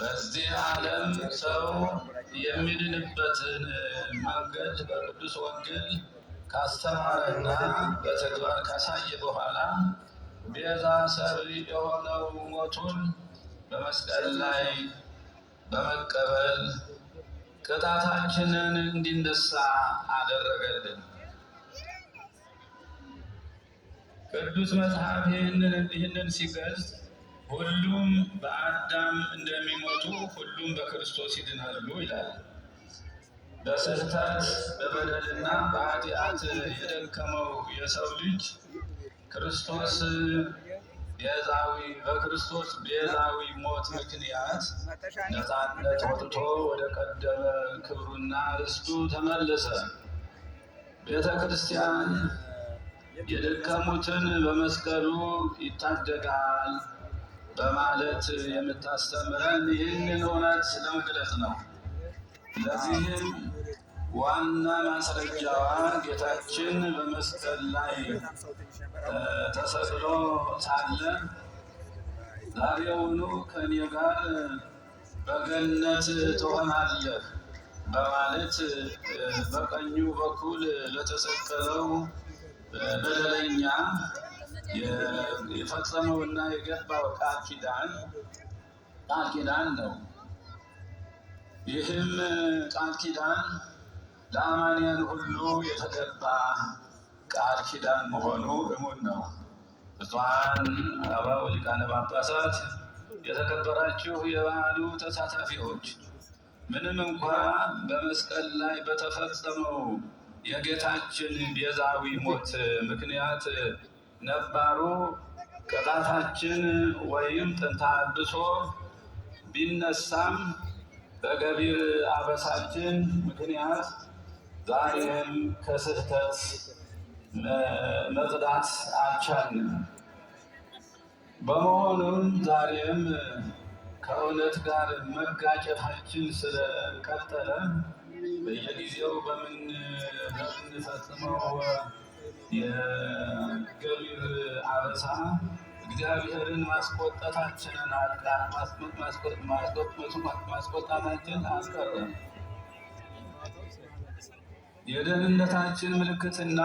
በዚህ ዓለም ሰው የሚድንበትን መንገድ በቅዱስ ወንጌል ካስተማረና በተግባር ካሳየ በኋላ ቤዛ ሰሪ የሆነው ሞቱን በመስቀል ላይ በመቀበል ቅጣታችንን እንዲነሳ አደረገልን። ቅዱስ መጽሐፍ ይህንን ሲገልጽ ሁሉም በአዳም እንደሚሞቱ ሁሉም በክርስቶስ ይድናሉ ይላል። በስህተት በበደልና በኃጢአት የደከመው የሰው ልጅ ክርስቶስ ቤዛዊ በክርስቶስ ቤዛዊ ሞት ምክንያት ነፃነት ወጥቶ ወደ ቀደመ ክብሩና ርስቱ ተመለሰ። ቤተ ክርስቲያን የደከሙትን በመስቀሉ ይታደጋል በማለት የምታስተምረን ይህንን እውነት ለመግለጽ ነው። ለዚህም ዋና ማስረጃዋ ጌታችን በመስቀል ላይ ተሰቅሎ ሳለ ዛሬውኑ ከኔ ጋር በገነት ትሆናለህ በማለት በቀኙ በኩል ለተሰቀለው በደለኛ እና የገባው ቃል ኪዳን ቃል ኪዳን ነው። ይህም ቃል ኪዳን ለአማንያን ሁሉ የተገባ ቃል ኪዳን መሆኑ እሙን ነው። ብፁዓን አበው ሊቃነ ጳጳሳት፣ የተከበራችሁ የበዓሉ ተሳታፊዎች፣ ምንም እንኳ በመስቀል ላይ በተፈጸመው የጌታችን ቤዛዊ ሞት ምክንያት ነባሩ ቅጣታችን ወይም ጥንታ አድሶ ቢነሳም በገቢር አበሳችን ምክንያት ዛሬም ከስህተት መጽዳት አልቻልንም። በመሆኑም ዛሬም ከእውነት ጋር መጋጨታችን ስለቀጠለ በየጊዜው በምንፈጽመው የገቢር አበሳ እግዚአብሔርን ማስቆጠታችንን አጣ ማስቆጣታችን አስቀረ። የደህንነታችን ምልክትና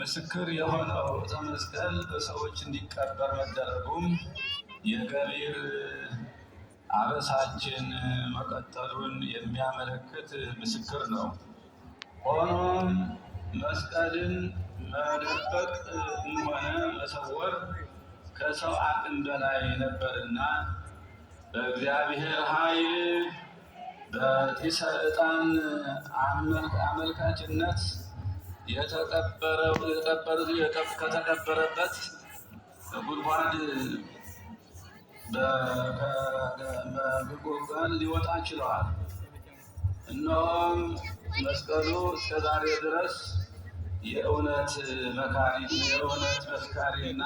ምስክር የሆነው ተመስቀል በሰዎች እንዲቀበር መደረጉም የገቢር አበሳችን መቀጠሉን የሚያመለክት ምስክር ነው። ሆኖም መስቀልን መደበቅ ሆነ መሰወር ከሰው አቅም በላይ ነበርና በእግዚአብሔር ኃይል በጢሰ ዕጣን አመልካችነት ከተቀበረበት ጉድጓድ በጉድጓድ ሊወጣ ችለዋል። እነሆም መስቀሉ እስከ ዛሬ ድረስ የእውነት መካሪ የእውነት መስካሪና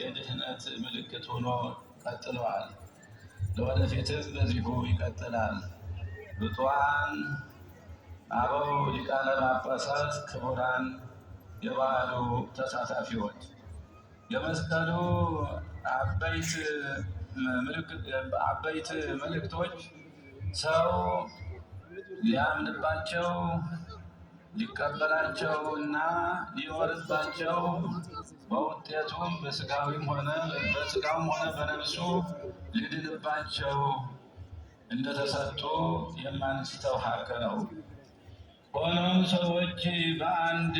የድህነት ምልክት ሆኖ ቀጥለዋል። ለወደፊትም በዚሁ ይቀጥላል። ብፁዓን አበው ሊቃነ ጳጳሳት፣ ክቡራን የበዓሉ ተሳታፊዎች የመስቀሉ አበይት ምልክቶች ሰው ሊያምንባቸው ሊቀበላቸው እና ሊኖርባቸው በውጤቱም በስጋዊም ሆነ በስጋውም ሆነ በነብሱ ሊድንባቸው እንደተሰጡ የማንስተው ሀቅ ነው። ሆኖም ሰዎች በአንድ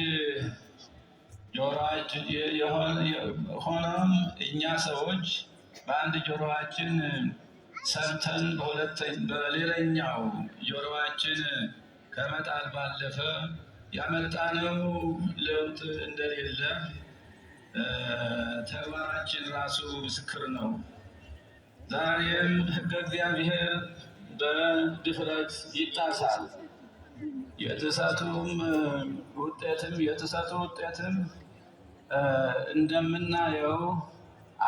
ጆሮችን ሆኖም እኛ ሰዎች በአንድ ጆሮችን ሰምተን በሌላኛው ጆሮአችን ከመጣል ባለፈ ያመጣነው ለውጥ እንደሌለ ተግባራችን ራሱ ምስክር ነው። ዛሬም ሕገ እግዚአብሔር በድፍረት ይጣሳል። የጥሰቱም ውጤትም የጥሰቱ ውጤትም እንደምናየው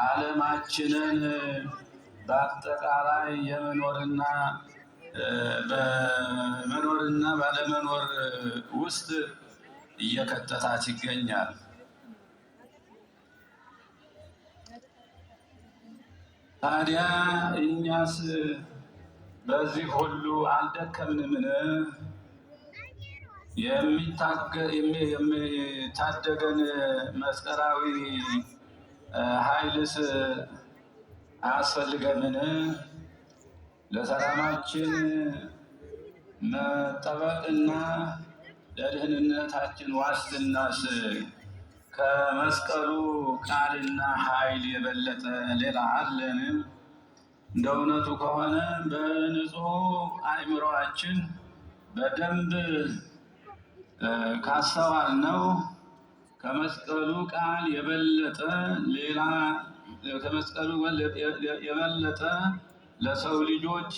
ዓለማችንን በአጠቃላይ የመኖርና በመኖርና ባለመኖር ውስጥ እየከተታት ይገኛል። ታዲያ እኛስ በዚህ ሁሉ አልደከምንምን? የሚታደገን መስቀላዊ ኃይልስ አያስፈልገምን? ለሰላማችን መጠበቅና ለድህንነታችን ዋስትናስ ከመስቀሉ ቃልና ኃይል የበለጠ ሌላ አለን? እንደ እውነቱ ከሆነ በንጹህ አእምሮአችን በደንብ ካስተዋል ነው ከመስቀሉ ቃል የበለጠ ሌላ ከመስቀሉ የበለጠ ለሰው ልጆች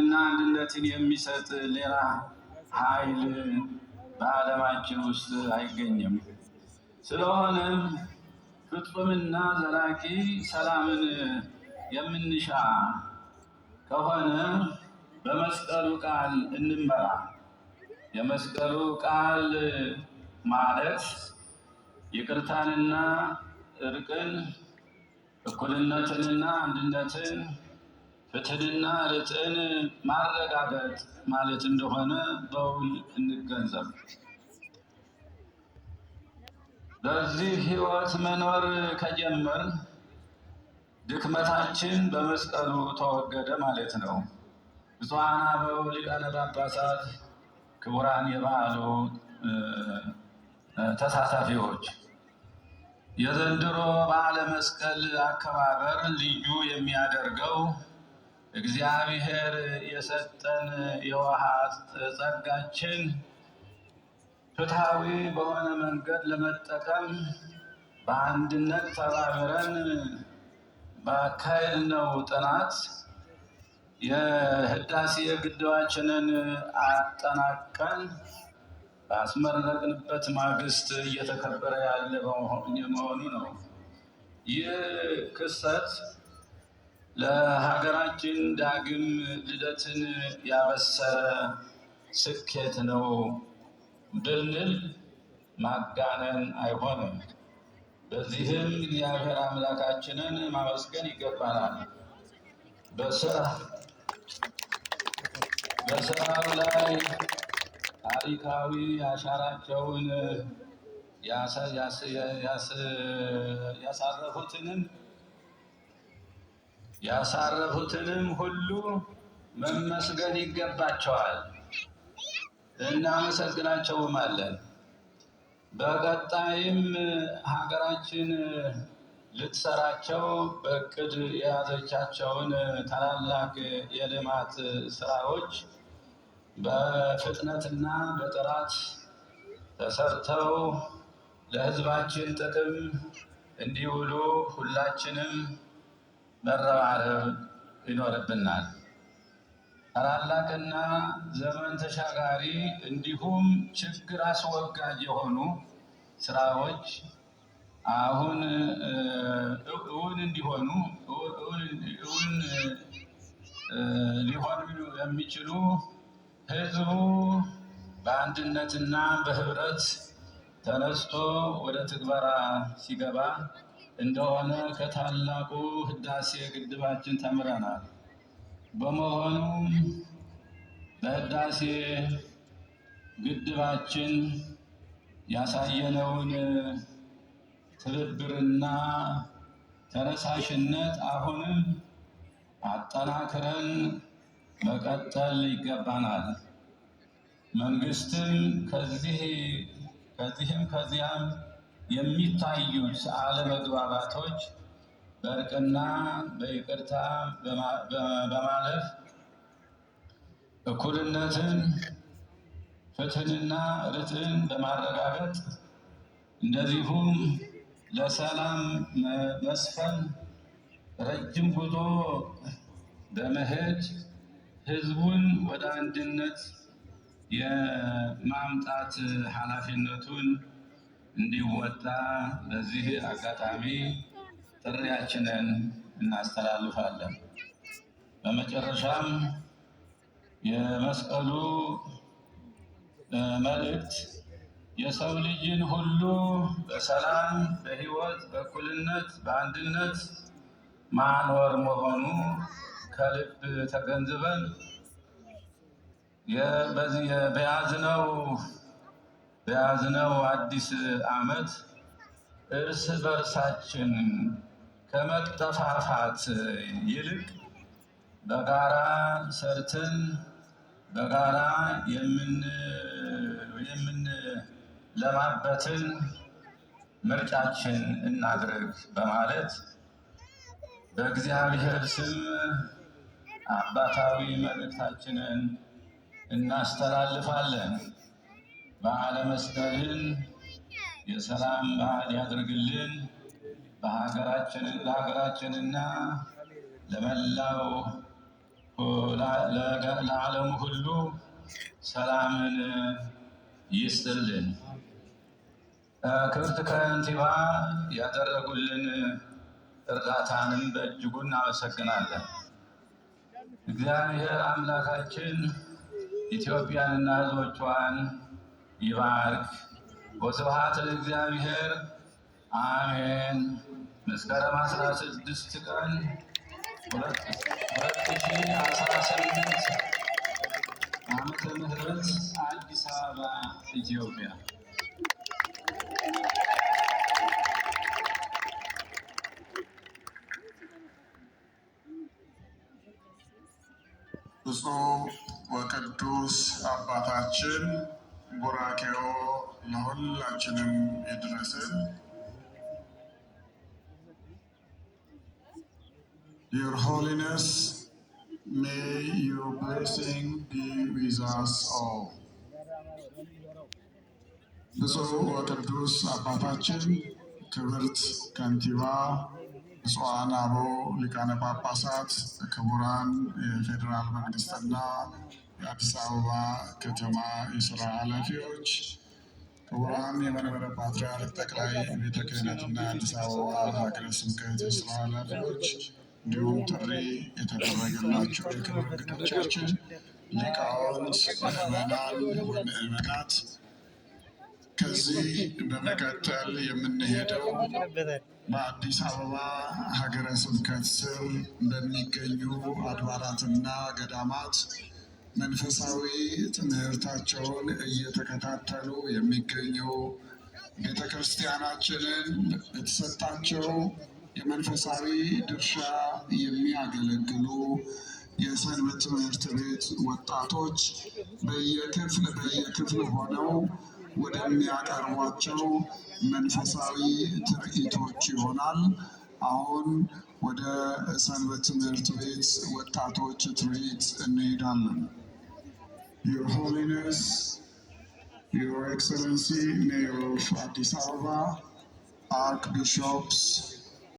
እና አንድነትን የሚሰጥ ሌላ ኃይል በዓለማችን ውስጥ አይገኝም። ስለሆነም ፍጹምና ዘላቂ ሰላምን የምንሻ ከሆነ በመስቀሉ ቃል እንመራ። የመስቀሉ ቃል ማለት ይቅርታንና እርቅን እኩልነትንና አንድነትን ፍትህንና ርትዕን ማረጋገጥ ማለት እንደሆነ በውል እንገንዘብ። በዚህ ህይወት መኖር ከጀመር ድክመታችን በመስቀሉ ተወገደ ማለት ነው። ብፁዓን አበው ሊቃነ ጳጳሳት፣ ክቡራን የበዓሉ ተሳታፊዎች የዘንድሮ በዓለ መስቀል አከባበር ልዩ የሚያደርገው እግዚአብሔር የሰጠን የውሃ ጸጋችን ፍትሐዊ በሆነ መንገድ ለመጠቀም በአንድነት ተባብረን ባካሄድነው ጥናት የህዳሴ ግድባችንን አጠናቀን ባስመረቅንበት ማግስት እየተከበረ ያለ መሆኑ ነው። ይህ ክስተት ለሀገራችን ዳግም ልደትን ያበሰረ ስኬት ነው ብንል ማጋነን አይሆንም። በዚህም እግዚአብሔር አምላካችንን ማመስገን ይገባናል። በስራ ላይ ታሪካዊ አሻራቸውን ያሳረፉትንም ያሳረፉትንም ሁሉ መመስገን ይገባቸዋል። እናመሰግናቸውም አለን። በቀጣይም ሀገራችን ልትሰራቸው በእቅድ የያዘቻቸውን ታላላቅ የልማት ስራዎች በፍጥነትና በጥራት ተሰርተው ለሕዝባችን ጥቅም እንዲውሉ ሁላችንም መረባረብ ይኖርብናል። ታላላቅና ዘመን ተሻጋሪ እንዲሁም ችግር አስወጋጅ የሆኑ ስራዎች አሁን እውን እንዲሆኑ እውን ሊሆኑ የሚችሉ ህዝቡ በአንድነትና በህብረት ተነስቶ ወደ ትግበራ ሲገባ እንደሆነ ከታላቁ ህዳሴ ግድባችን ተምረናል። በመሆኑም በህዳሴ ግድባችን ያሳየነውን ትብብርና ተነሳሽነት አሁንም አጠናክረን መቀጠል ይገባናል። መንግስትም ከዚህም ከዚያም የሚታዩት አለመግባባቶች በእርቅና በይቅርታ በማለፍ እኩልነትን፣ ፍትህንና ርትዕን በማረጋገጥ እንደዚሁም ለሰላም መስፈን ረጅም ጉዞ በመሄድ ህዝቡን ወደ አንድነት የማምጣት ኃላፊነቱን እንዲወጣ በዚህ አጋጣሚ ጥሪያችንን እናስተላልፋለን። በመጨረሻም የመስቀሉ መልእክት የሰው ልጅን ሁሉ በሰላም በህይወት፣ በእኩልነት፣ በአንድነት ማኖር መሆኑ ከልብ ተገንዝበን በያዝነው በያዝነው አዲስ ዓመት እርስ በርሳችን ከመጠፋፋት ይልቅ በጋራ ሰርተን በጋራ የምንለማበትን ምርጫችን እናድርግ በማለት በእግዚአብሔር ስም አባታዊ መልእክታችንን እናስተላልፋለን። በዓለ መስቀልን የሰላም በዓል ያድርግልን። ለሀገራችንና ለመላው ለዓለሙ ሁሉ ሰላምን ይስጥልን። ክብርት ከንቲባ ያደረጉልን እርዳታንም በእጅጉ እናመሰግናለን። እግዚአብሔር አምላካችን ኢትዮጵያንና ሕዝቦቿን ይባርክ። ወስብሐት ለእግዚአብሔር አሜን። መስከረም 16 ቀን 2018 ዓመተ ምህረት አዲስ አበባ ኢትዮጵያ ብፁዕ ወቅዱስ አባታችን ቡራኬዎ ለሁላችንም ይድረስን። Your Holiness, may your blessing be with us all. ብፁዕ ወቅዱስ አባታችን ክብርት ከንቲባ ብፁዓን አበው ሊቃነ ጳጳሳት፣ ክቡራን የፌዴራል መንግስትና የአዲስ አበባ ከተማ የስራ ኃላፊዎች፣ ክቡራን የመንበረ ፓትርያርክ ጠቅላይ ቤተ ክህነትና የአዲስ አበባ ሀገረ ስብከት የስራ ኃላፊዎች እንዲሁም ጥሪ የተደረገላቸው የክብር እንግዶቻችን ሊቃውንት፣ ምዕመናን ወምዕመናት ከዚህ በመቀጠል የምንሄደው በአዲስ አበባ ሀገረ ስብከት ስር በሚገኙ አድባራትና ገዳማት መንፈሳዊ ትምህርታቸውን እየተከታተሉ የሚገኙ ቤተ ክርስቲያናችንን በተሰጣቸው የመንፈሳዊ ድርሻ የሚያገለግሉ የሰንበት ትምህርት ቤት ወጣቶች በየክፍል በየክፍል ሆነው ወደሚያቀርቧቸው መንፈሳዊ ትርኢቶች ይሆናል። አሁን ወደ ሰንበት ትምህርት ቤት ወጣቶች ትርኢት እንሄዳለን። ዩር ሆሊነስ ዩር ኤክሰለንሲ ሜየር ኦፍ አዲስ አበባ አርክ ቢሾፕስ